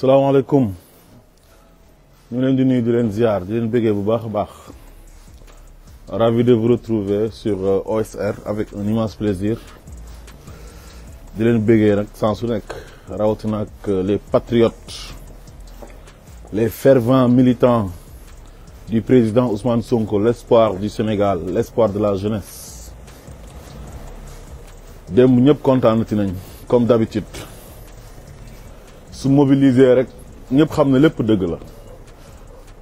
Salam ñu Nous di venus di leen ziar di bu ravi de vous retrouver sur euh, OSR avec un immense plaisir di leen sans su nekk euh, les patriotes les fervents militants du président Ousmane Sonko l'espoir du Sénégal l'espoir de la jeunesse démb ñëpp kontaanati nañ comme d'habitude su mobiliser rek ñëpp xam ne lépp la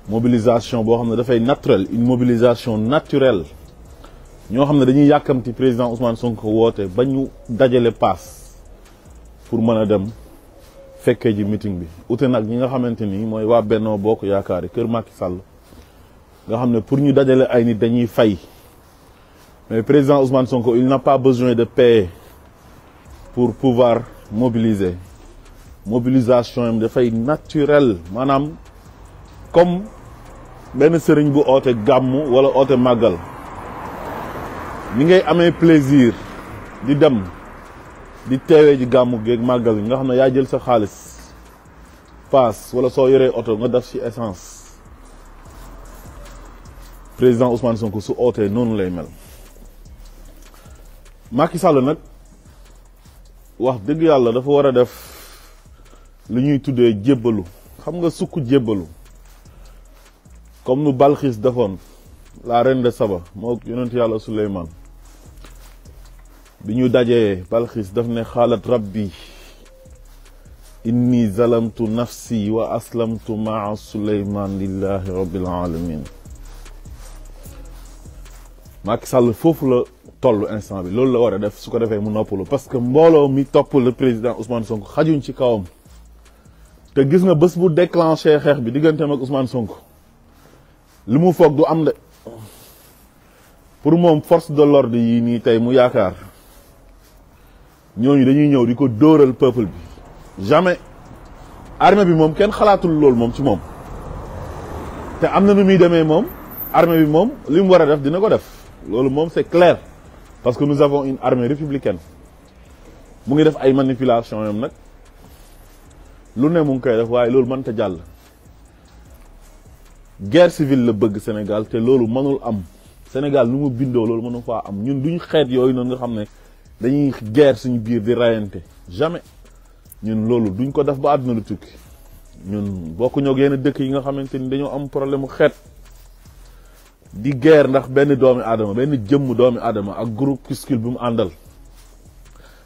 mobilisation boo xam ne naturel une mobilisation naturelle ñoo xam ne dañuy le président Ousmane Sonko woote ba ñu passe pour mën faire dem fekkee ji meeting bi ute nag ñi nga xamante ni mooy waa Bennoo Bokk Yaakaar yi Macky Sall nga xam pour ñu dajale ay nit dañuy fay mais président Ousmane Sonko il n'a pas besoin de payer pour pouvoir mobiliser mobilisation am dafay naturel maanaam comme benn sëriñ bu oote gàmmu walla oote màggal ni ngay amee plaisir di dem di teewee ji gàmmu geeg màggal yi nga xam ne yaa jël sa xaalis paas walla soo yoree oto nga def ci essence président Ousmane Sonko su ootee noonu lay mel Macky Sall nag wax dëgg yàlla dafa war a def لنيو تودي جبلو خم نغا سوكو جبلو كم نو بالخيس دفن لا رين دي سبا موك يونان تيالا سليمان بنيو داجي بالخيس دفن خالت ربي إني ظلمت نفسي وأسلمت مع سليمان لله رب العالمين ماك سال فوفلو tollu instant bi loolu la war a def su ko defee mu noppalu parce que mbooloo mi topp le président Ousmane Sonko xajuñ ci kawam te gis voyez déclenché la bi Ousmane Sonko pour force de l'ordre yi là. Nous sommes là pour dañuy peuple jamais L'armée bi moom kenn xalaatul loolu moom ci que nu c'est clair parce que nous avons une armée républicaine mu ngi def ay manipulation lune mon def Sénégal, guerre civile le bug Sénégal c'est loolu manul am Sénégal nous Nous loolu pas am ñun nous nga dañuy guerre suñu biir jamais nous loolu Nous ko def ba ne lu tukki ñun nous de yi nga am problème di guerre nak benn doomi adama benn jëmm doomi adama ak groupe mu Andal.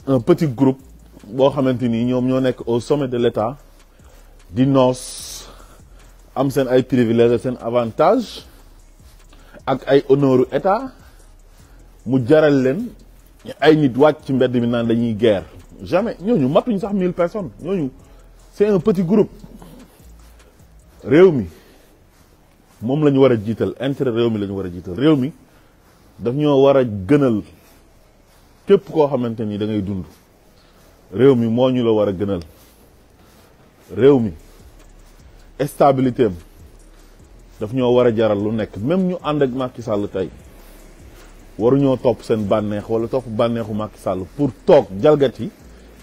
un petit groupe. boo xamante ni ñoom ñoo nekk au sommet de l'État di noos am seen ay privilèges seen avantage ak ay honneuru État mu jaral leen ay nit wàcc ci mbedd mi naan dañuy guerre jamais ñooñu matuñ sax mille personnes ñooñu c'est un petit groupe réew mi moom lañu ñu war a jiital intérêt réew mi la ñu war a jiital réew mi daf ñoo war a gënal képp koo xamante ni da ngay dund réew mi moo ñu la war a gënal réew mi stabilité am daf ñoo war a jaral lu nekk même ñu ànd ak Macky Sall tey waruñoo topp seen bànneex wala topp bànneexu Macky sàll pour toog jalgati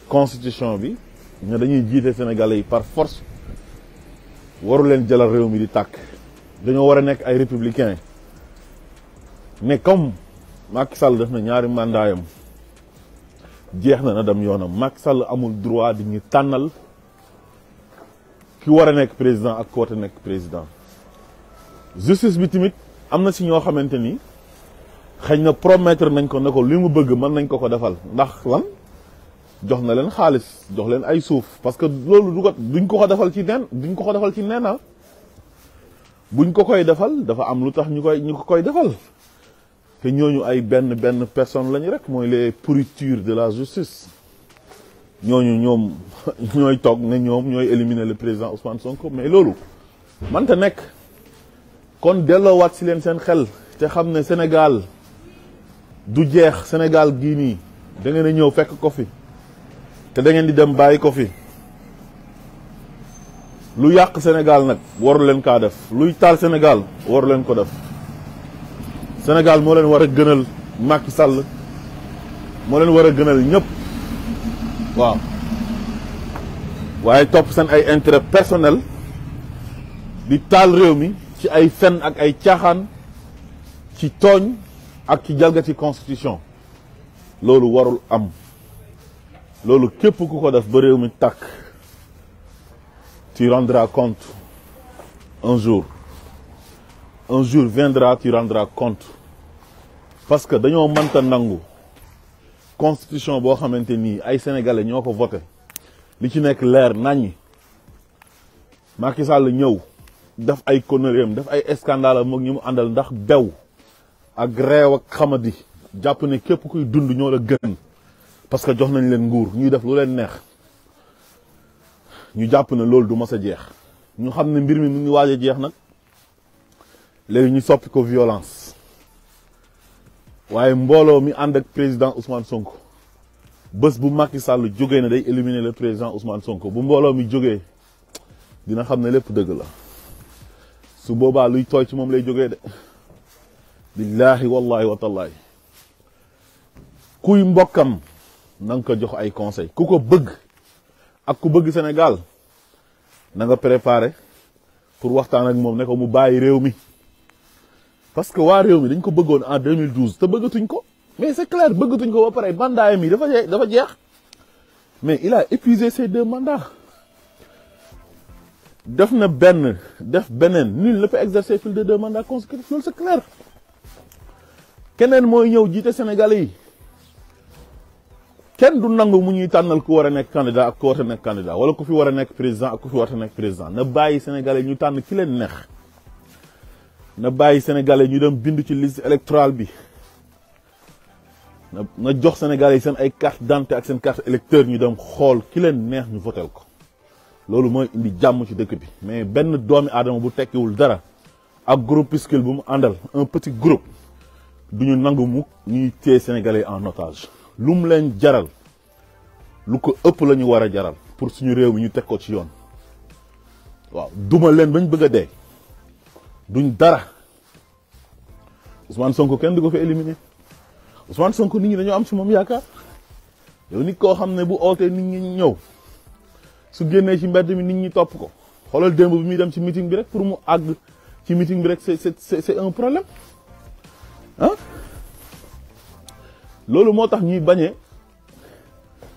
constitution bi ne dañuy jiite Sénégalais yi par force waru leen jalal réew mi di tàkk dañoo war a nekk ay républicain mais comme Macky sàll def na ñaari mandaayam jeex na na dem yoonam Macky Sall amul droit di ñu tànnal ki war a nekk président ak ku war a nekk président justice bi tamit am na si ñoo xamante ni xëy na promettre nañ ko ne ko li mu bëgg mën nañ ko ko defal ndax lan jox na leen xaalis jox leen ay suuf parce que loolu du ko duñ ko ko defal ci nen duñ ko ko defal ci nena buñ ko koy defal dafa am lu tax ñu koy ñu ko koy defal te ñooñu ay benn benn personne lañu rek mooy les pourritures de la justice ñooñu ñoom ñooy toog ne ñoom ñooy éliminer le président Ousmane Sonko mais loolu manta nekk kon delloowaat si leen seen xel te xam ne Sénégal du jeex Sénégal gii nii da ñëw fekk ko fi te dangeen di dem bàyyi ko fi lu yàq Sénégal nag waru leen kaa def luy taal Sénégal waru leen ko def Sénégal mo leen war gënal Macky Sall war gënal ñëpp waaw waaye topp seen ay intérêt personnel di taal réew mi ci ay fen ak ay caaxaan ci constitution loolu warul am loolu képp ku ko def ba mi tàkk tu rendras compte un jour un jour viendra tu rendras compte parce que dañoo mënta nangu constitution boo xamante nii ay sénégalais ñoo ko voté li ci nekk leer naññi Macky Sall ñëw daf ay conneries daf ay scandale moog ñi mu àndal ndax bew ak réew ak xamadi jàpp ne képp kuy dund ñoo la gën parce que jox nañ leen nguur ñuy def lu leen neex ñu jàpp ne loolu du mas a jeex ñu xam ne mbir mi mu ngi waaj jeex nag. léegi ñu soppi ko violence waaye mbooloo mi ànd ak président Ousmane Sonko bés bu Macky Sall jógee ne day éliminer le président Ousmane Sonko bu mbooloo mi jógee dina xam ne lépp dëgg la su boobaa luy tooy ci moom lay jógee de billaahi wallaahi wa tallaahi kuy mbokkam na nga ko jox ay conseil ku ko bëgg ak ku bëgg Sénégal na nga pour waxtaan ak moom ne ko mu bàyyi réew mi parce que waa réew mi dañ ko en 2012 te bëggatuñ ko mais c'est clair bëggatuñ ko ba pare mandaayam mi. dafa dafa jeex mais il a épuisé ses deux mandats def na ben, def benen. nul ne peut exercer plus de deux mandats consécutifs c'est clair Quel est le jiite Sénégalais yi kenn du nangu mu ñuy tanal ku wara nek candidat ak ko wara nek candidat wala ku fi wara nek président ak ku fi wara nek président Ne bàyyi Sénégalais ñu tan ki leen neex na bàyyi sénégalais ñu dem bind ci liste électorale bi na na jox sénégalais yi seen ay carte d'identité ak seen carte électeur ñu dem xool ki leen neex ñu voter ko loolu mooy indi jàmm ci dëkk bi mais benn doomi aadama bu tekkiwul dara ak groupuscule bu mu àndal un petit groupe du ñu nangu mu ñuy téye sénégalais en otage lu mu leen jaral lu ko ëpp la ñu war a jaral pour suñu réew mi ñu teg ko ci yoon waaw duma leen bañ bëgg a dee duñ dara Ousmane Sonko kenn du ko fi éliminer Ousmane Sonko nit ñi dañoo am si moom yaakaar yow nit koo xam ne bu ootee nit ñi ñëw su génnee ci mbedd mi nit ñi topp ko xoolal démb bi muy dem ci meeting bi rek pour mu àgg ci meeting bi rek c'est c'est c'est un problème ah loolu moo tax ñuy bañee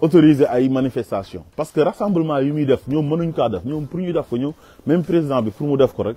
autoriser ay manifestation parce que rassemblement yu muy def ñoom mënuñ kaa def ñoom pour ñu def ko ñoom même président bi pour mu def ko rek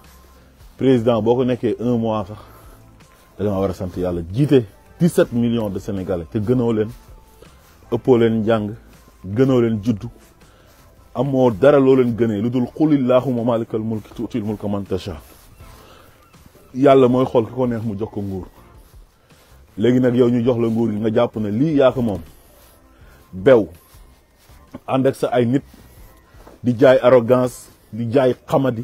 président boo ko nekkee un mois sax da nga war a sant yàlla jiite 17 million de sénégalais te gënoo leen ëppoo leen njàng gënoo leen juddu am amoo dara loo leen gënee lu dul xulillahuma malikal mulki tuutil mulka man tasha yàlla mooy xool ki ko neex mu jox ko nguur léegi nag yow ñu jox la nguur gi nga jàpp na lii yaa moom bew ànd sa ay nit di jaay arrogance di jaay xamadi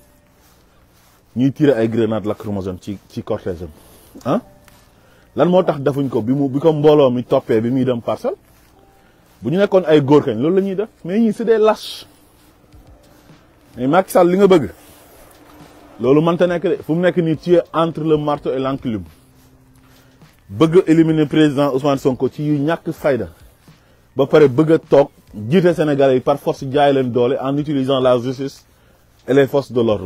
ñuy tirer ay grenades lacrymogènes ci ci hein? lan fait ko bi mu bi mi topé bi dem ay la mais c'est des lâches mais Macky Sall li nga bëgg loolu que nekk de entre le marteau et l'enclume bëgg éliminer président Ousmane Sonko ci yu ba bëgg Sénégalais par force jaay leen en utilisant la justice et les forces de l'ordre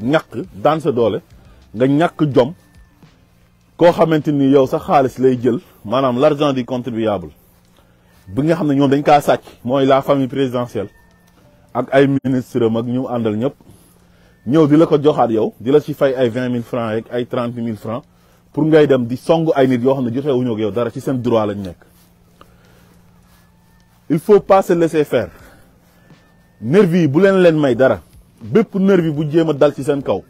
ñak daan sa doole nga ñak jom ko yow sa lay jël manam l' du contribuable bi nga xamne dañ ka la famille présidentielle ak ay ministre ñu andal ñep ñew ko joxat yow francs et 30 000 francs pour ngay dem di song ay nit ne il faut pas se laisser faire nervi bu dara bépp bi bu jema dal ci sen kaw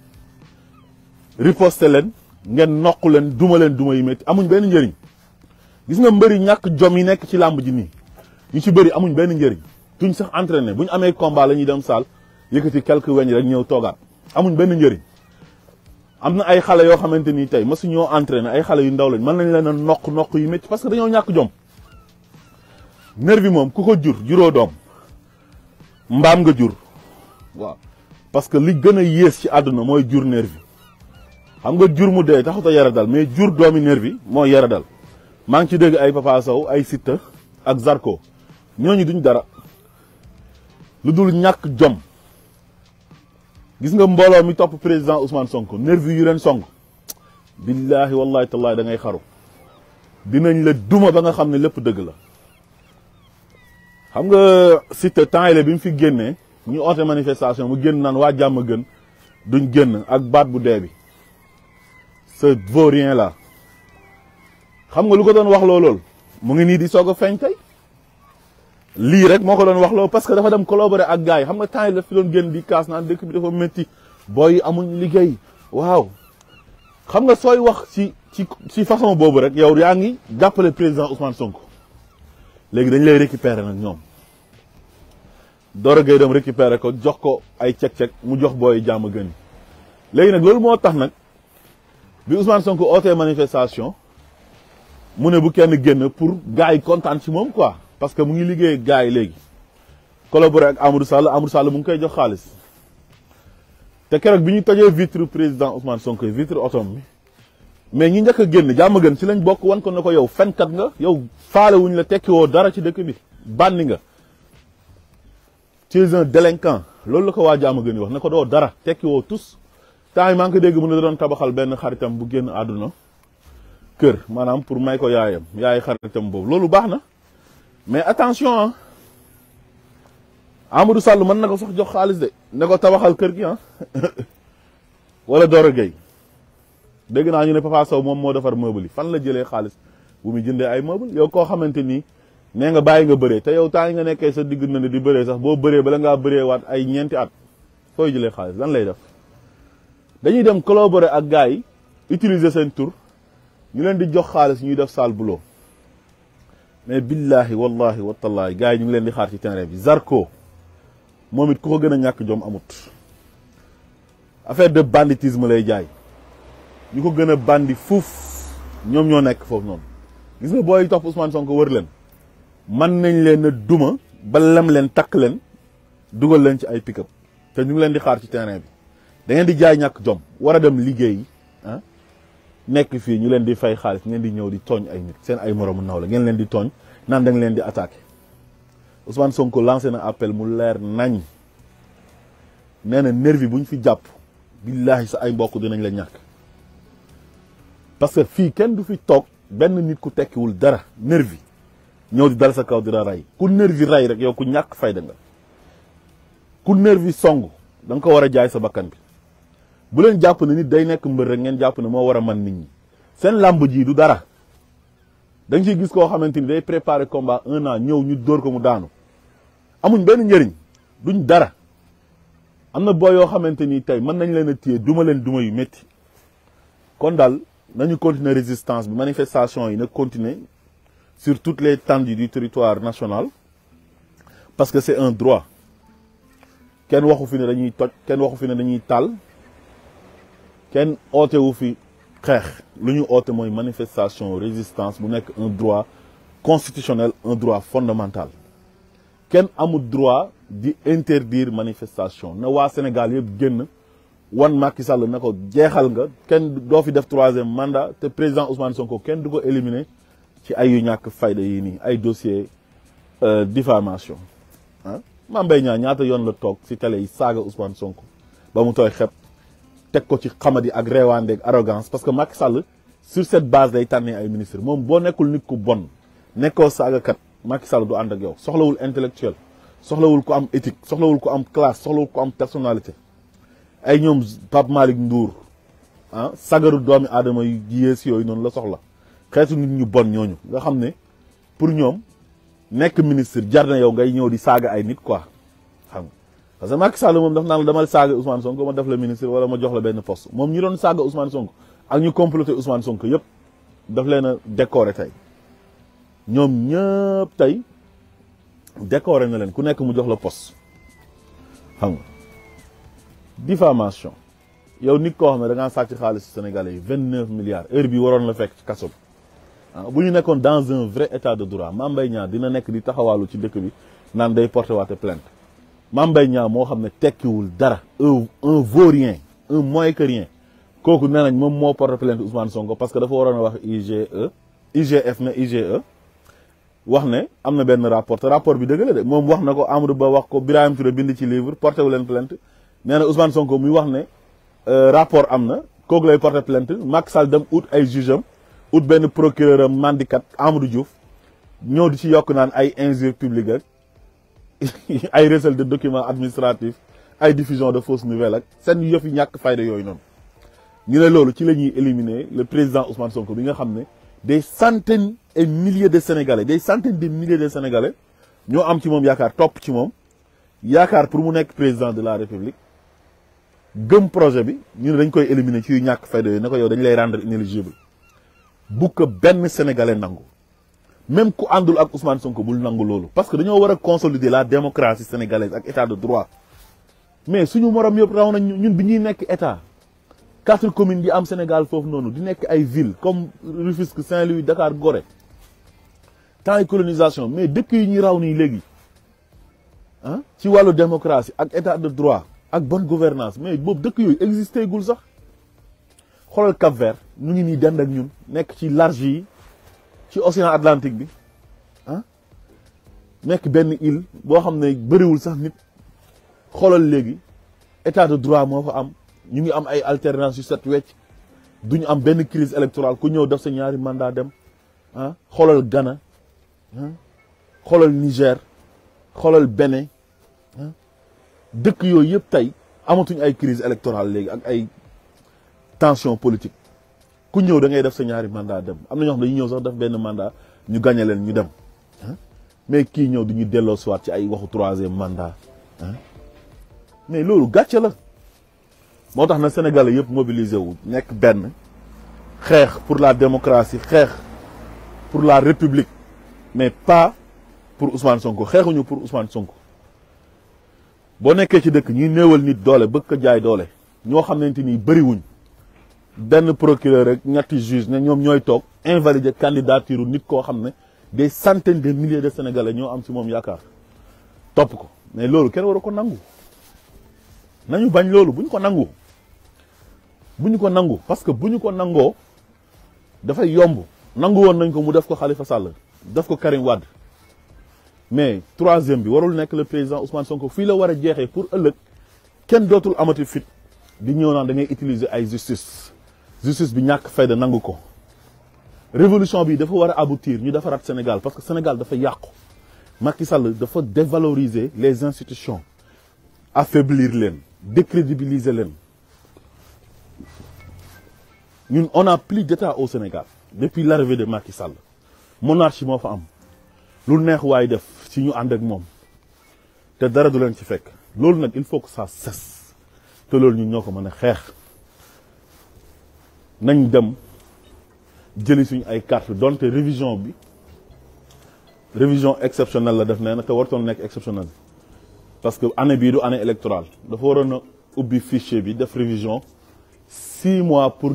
riposte len ngeen nokku len duma len duma yi métti amuñ ben njëriñ gis nga mbeuri ñak jom yi nek ci lamb ji ni ñu ci bari amuñ ben njëriñ duñ sax entraîné buñ amé combat lañuy dem sal yëkëti quelques weñ rek ñëw togaat amuñ ben njëriñ amna ay xalé yo xamanteni tay ma suñu ay xalé yu ndaw lañ man lañ leen yu parce que dañu ñak jom nervi mom ku ko jur juro dom mbam nga jur waaw parce que li gën a yées ci àdduna mooy jur nervi xam nga jur mu dee taxut a yara dal mais jur doomi nervi mooy yara dal maa ngi ci dégg ay Papa Sow ay Siteu ak Zarko ñooñu duñ dara lu dul ñàkk jom gis nga mbooloo mi topp président Ousmane Sonko nervi yu leen song Billahi wallahi t'allah da ngay xaru dinañ la duma ba nga xam ne lépp dëgg la xam nga Siteu temps yile bi fi génnee ñu autre manifestation mu génn naan waa nous gën duñ génn ak baat bu ce rien là xam nga lu ko doon wax loo lool mu ngi nii di soog a feeñ tey rek moo doon wax parce que dafa dem collaborer ak gars xam nga temps yi fi doon kaas bi dafa amuñ xam nga wax ci ci façon rek yow président Ousmane Sonko dañ lay récupérer Doro Gueye dem récupéré ko jox ko ay cek-cek mu jox booy jàmm gën léegi nag loolu moo tax nag bi Ousmane Sonko ootee manifestation mu ne bu kenn génn pour gars yi kontaan ci moom quoi parce que mu ngi liggéey gars yi léegi collaboré ak Amadou Sall Amadou Sall mu ngi koy jox xaalis te keroog bi ñu tojee vitre président Ousmane Sonko vitre oto bi mais ñi njëkk génn jàmm gën ci lañ bokk wan ko ne ko yow fenkat nga yow faale wuñ la tekki woo dara ci dëkk bi bànni nga tu es un délinquant loolu la ko waa jaama gën yi wax ne ko doo dara tekki woo tous temps yi maa ngi ko dégg mu ne doon tabaxal benn xaritam bu je àdduna kër maanaam pour may ko yaayam je xaritam boobu loolu baax na mais attention ah Amadou Sall mën na ko sax jox je de ne ko tabaxal kër gi ah wala Doro Gueye dégg je ñu ne Papa Sow moom moo defar meuble yi fan la jëlee xaalis bu muy jëndee ay meuble yow koo xamante nii nee nga bay nga beure te yow ta nga nekké sa digg na di beure sax bo beure bala nga beure wat ay ñenti at foy jëlee xaliss lan lay def dañuy dem collaborer ak gaay utiliser sen tur ñu leen di jox xaliss ñuy def sal bulo mais billahi wallahi wa tallahi gaay ñu leen di xaar ci terrain bi Zarko momit ku ko gëna a jom amut affaire de banditisme lay jaay ñu ko gëna bandi fouf ñom ñoo nekk fofu non gis nga boy top Ousmane Sonko wër leen man nañ leen a duma ba lem leen takk leen dugal leen ci ay pick-up te ñu ngi leen di xaar ci terrain bi da ngeen di jaay ñàkk jom war a dem liggéey ah nekk fii ñu leen di fay xaalis ngeen di ñëw di tooñ ay nit seen ay moromu naw la ngeen leen di tooñ naan da leen di attaqué Ousmane Sonko lancé na appel mu leer nañ nee na nervi bu ñu fi jàpp billaahi sa ay mbokk dinañ la ñàkk parce que fii kenn du fi toog benn nit ku tekkiwul dara nervi ñëw di dal sa kaw di la ray ku nervi ray rek yow ku ñàkk fayda nga ku nervi song danga ko war a jaay sa bakkan bi bu leen jàpp na nit day nekk mbër rek ngeen jàpp ne moo war a man nit ñi seen làmb jii du dara da nga ciy gis koo xamante ni day préparer combat un ñëw ñu dóor ko mu daanu amuñ benn njëriñ duñ dara am na boo yoo xamante ni tey mën nañ leen a téye duma leen duma yu métti kon daal nañu continuer résistance bi manifestation yi nag continuer sur toutes les l'étendue du territoire national parce que c'est un droit Quel waxu fi ne dañuy toj vous waxu fi ne dañuy que quel oote wu fi xeex luñu vous manifestation résistance mu un droit constitutionnel un droit fondamental ken amul droit di interdire manifestation na wa Sénégal yeb genn wan Macky Sall nga ken do fi def troisième mandat te président Ousmane Sonko ken du éliminer ci ay yu ñàkk fayda yii nii ay dossier euh, diffamation ah Mame Mbaye Niang ñaata yoon la toog si tele yi saaga Ousmane Sonko ba mu tooy xep teg ko ci xamadi ak reewaandeeg arrogance parce que Macky Sall sur cette base lay tànnee ay ministre moom boo nekkul nit ku bon nekkoo saagakat Macky Sall du ànd ak yow soxlawul intellectuel soxlawul ko am éthique soxlawul ko am classe soxlawul ko am personnalité ay ñoom Pape Malick nduur ah sagaru doomi aadama yu yées yooyu noonu la soxla xeetu nit ñu bon ñooñu nga xam ne pour ñoom nekk ministre jar na yow ngay ñëw di saaga ay nit quoi xam nga parce que Macky Sall moom daf naa la dama saaga Ousmane Sonko ma def la ministre wala ma jox la benn poste moom ñi doon saaga Ousmane Sonko ak ñu comploté Ousmane sonk yëpp daf leen a décoré tey ñoom ñëpp tey décoré na leen ku nekk mu jox la poste xam nga diffamation yow nit koo xam ne da ngaa sàcc xaalis Sénégalais yi vingt neuf milliards heure bi waroon la fekk ci kaso Ah, bu ñu dans un vrai état de droit Mame Mbaye Niang dina nekk di taxawaalu ci deuk bi naan day porté waate plainte Mame Mbaye mo moo tekkiwul dara un vaurien un moins que rien kooku nenañ mom mo moo porté plainte Ousmane Sonko parce que dafa warone a wax IGE IGF e, na IGE waxne amna ben rapport rapport bi dëgg la de moom wax na ko Amadou Ba wax ko ibrahim Touré bind ci livre porté wu plainte nee Ousmane Sonko muy wax ne euh, rapport amna kok lay porté plainte Max Sall dem ut ay jugeum bien le procureur mandicat Amadou Diouf ñoo di ci yok naan ay injure publique ay de documents administratifs ay diffusion de fausses nouvelles ak sen yeuf yi fayda yoy non ñu le président Ousmane Sonko bi nga xamné des centaines et milliers de sénégalais des centaines de milliers de sénégalais ñoo am ci petit yaakar top ci mom yaakar pour mu nekk président de la république gëm projet bi ñu dañ koy éliminer ci fayda yow dañ lay rendre inéligible bu ben sénégalais nangu même ku àndul ak Ousmane Sonko bul nangu parce que nous wara consolider la démocratie sénégalaise ak état de droit mais suñu nous yop raw nañ ñun biñi nek état quatre communes yi am Sénégal fofu nous di nek ay villes comme Rufisque Saint-Louis Dakar Gorée temps la colonisation mais dëkk yi ñi raw nii hein ci walu démocratie ak état de droit ak bonne gouvernance mais depuis dëkk yoy existé goul sax. xoolal Cap Vert ñu ngi nii dend ak ñun nekk ci large yi ci océan Atlantique bi ah nekk benn île boo xam ne bëriwul sax nit xoolal léegi état de droit moo fa am ñu ngi am ay alternance yu set wecc du ñu am benn crise électorale ku ñëw def sa ñaari mandat dem ah xoolal Ghana ah xoolal Niger xoolal Bénin ah, dëkk yooyu yëpp tey amatuñ ay crise électorale léegi ak ay tension politique ku ñëw da ngay def sa ñaari mandat dem Amna ñoo xam dañuy sax def ben mandat ñu gagné len ñu dem hein? mais ki ñëw du ñu delloo soit ci ay waxu 3e mandat hein? mais loolu gàcce la Motax na Sénégalais yépp mobilisé wu nek ben. xex pour la démocratie xex pour la république mais pas pour Ousmane Sonko xeexuñu pour Ousmane Sonko bo nekké ci dëkk ñi néewal nit doolé bëkk jaay doolé ño xamante ni bëriwuñ benn procureur rek ñetti juge ne ñoom ñooy toog invalider candidature nit koo xam ne des centaines de milliers de sénégalais ñoo am si moom yaakaar topp ko mais loolu kenn waru ko nangu nañu bañ loolu bu ñu ko nangu bu ñu ko nangu parce que bu ñu ko nangoo dafay yomb nangu woon nañ ko mu def ko Khalifa Sall def ko Karim Wade mais troisième bi warul nekk le président Ousmane Sonko fii la war a jeexee pour ëllëg kenn dootul amati fit di ñëw naan da ngay utiliser ay justice justice bi ñàkk fayda nanguko révolution bi dafa wara devons aboutir ñu Sénégal parce que Sénégal dafa yaq Macky Sall dafa dévaloriser les institutions affaiblir les décrédibiliser les ñun on a plus d'état au Sénégal depuis l'arrivée de Macky Sall monarchie mon fa am lu neex way def ci ñu and ak mom te dara du leen ci fekk il faut que ça cesse té lool ñun ñoko mëna nañ dem jëli suñ ay carte donte révision bi révision exceptionnelle la def nee na te wartoon nekk exceptionnelle parce que année bii du année électorale dafa waroon a ubbi fichier bi def révision six mois pour